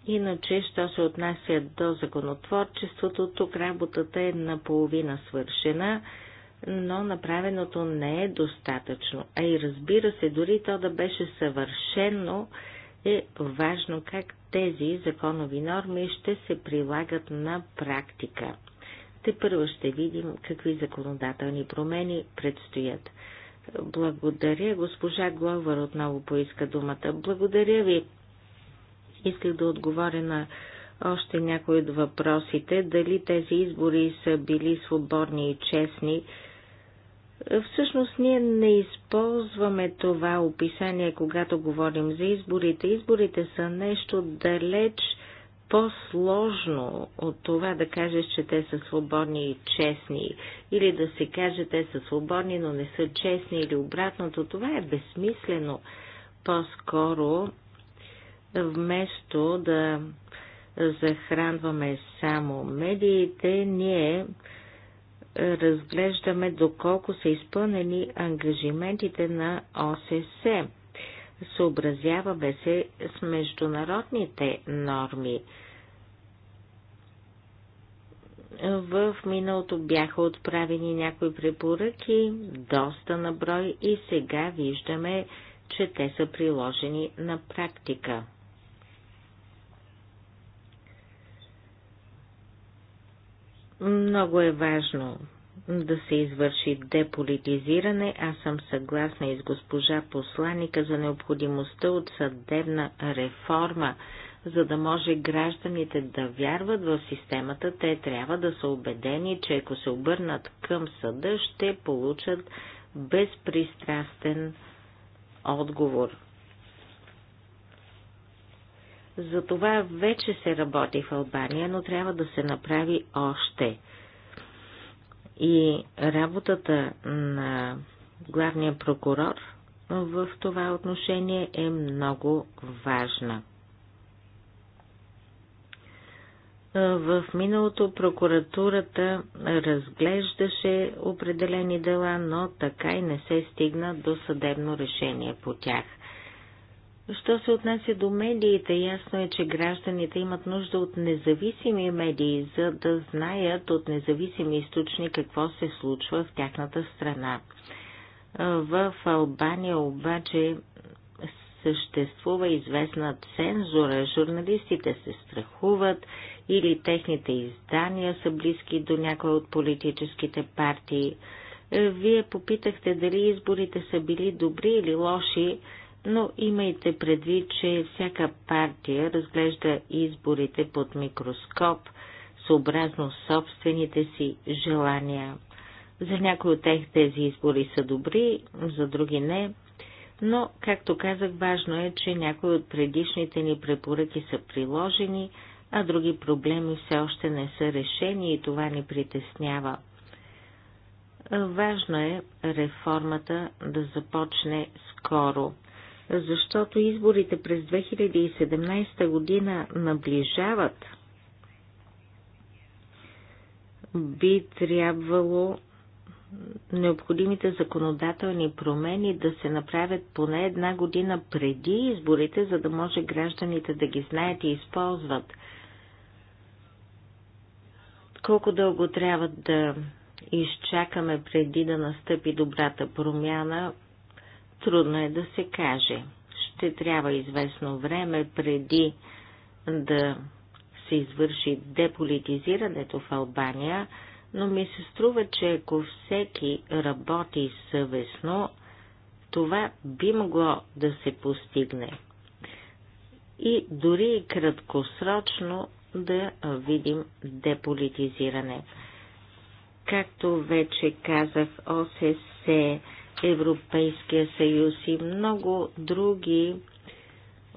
Иначе, що се отнася до законотворчеството, тук работата е наполовина свършена, но направеното не е достатъчно. А и разбира се, дори то да беше съвършено, е важно как тези законови норми ще се прилагат на практика. Те първо ще видим какви законодателни промени предстоят. Благодаря. Госпожа Гловър отново поиска думата. Благодаря ви. Исках да отговоря на още някои от въпросите. Дали тези избори са били свободни и честни? Всъщност ние не използваме това описание, когато говорим за изборите. Изборите са нещо далеч по-сложно от това да кажеш, че те са свободни и честни, или да се каже, те са свободни, но не са честни, или обратното. Това е безсмислено. По-скоро, вместо да захранваме само медиите, ние разглеждаме доколко са изпълнени ангажиментите на ОССЕ съобразяваме се с международните норми. В миналото бяха отправени някои препоръки, доста на брой и сега виждаме, че те са приложени на практика. Много е важно да се извърши деполитизиране, аз съм съгласна и с госпожа посланика за необходимостта от съдебна реформа, за да може гражданите да вярват в системата, те трябва да са убедени, че ако се обърнат към съда, ще получат безпристрастен отговор. За това вече се работи в Албания, но трябва да се направи още – и работата на главния прокурор в това отношение е много важна. В миналото прокуратурата разглеждаше определени дела, но така и не се стигна до съдебно решение по тях – Що се отнася до медиите, ясно е, че гражданите имат нужда от независими медии, за да знаят от независими източни какво се случва в тяхната страна. В Албания обаче съществува известна цензура, журналистите се страхуват или техните издания са близки до някоя от политическите партии. Вие попитахте дали изборите са били добри или лоши но имайте предвид, че всяка партия разглежда изборите под микроскоп, съобразно собствените си желания. За някои от тях тези избори са добри, за други не, но, както казах, важно е, че някои от предишните ни препоръки са приложени, а други проблеми все още не са решени и това ни притеснява. Важно е реформата да започне скоро защото изборите през 2017 година наближават. Би трябвало необходимите законодателни промени да се направят поне една година преди изборите, за да може гражданите да ги знаят и използват. Колко дълго трябва да изчакаме преди да настъпи добрата промяна, Трудно е да се каже. Ще трябва известно време преди да се извърши деполитизирането в Албания, но ми се струва, че ако всеки работи съвестно, това би могло да се постигне. И дори и краткосрочно да видим деполитизиране. Както вече казах, ОССЕ Европейския съюз и много други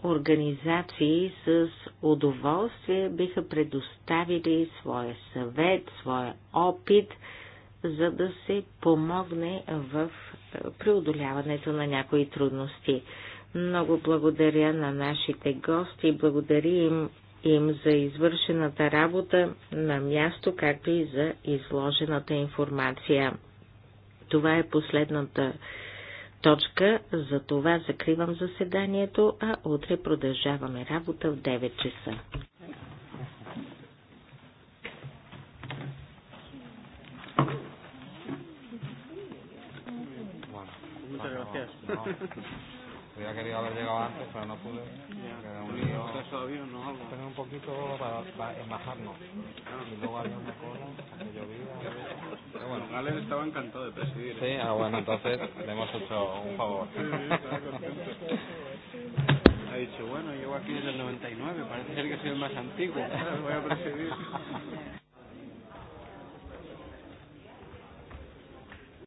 организации с удоволствие биха предоставили своя съвет, своя опит, за да се помогне в е, преодоляването на някои трудности. Много благодаря на нашите гости, благодарим им за извършената работа на място, както и за изложената информация. Това е последната точка, за това закривам заседанието, а утре продължаваме работа в 9 часа. Muchas gracias. Hubiera querido haber llegado antes, pero no pude. Era un lío. Tener un poquito para, para embajarnos. Y luego había una cola, que llovía. Pero bueno. Galen estaba encantado de presidir. Sí, ah, bueno, entonces le hemos hecho un favor. ha dicho, bueno, llevo aquí desde el 99, parece ser que soy el más antiguo. Voy a presidir.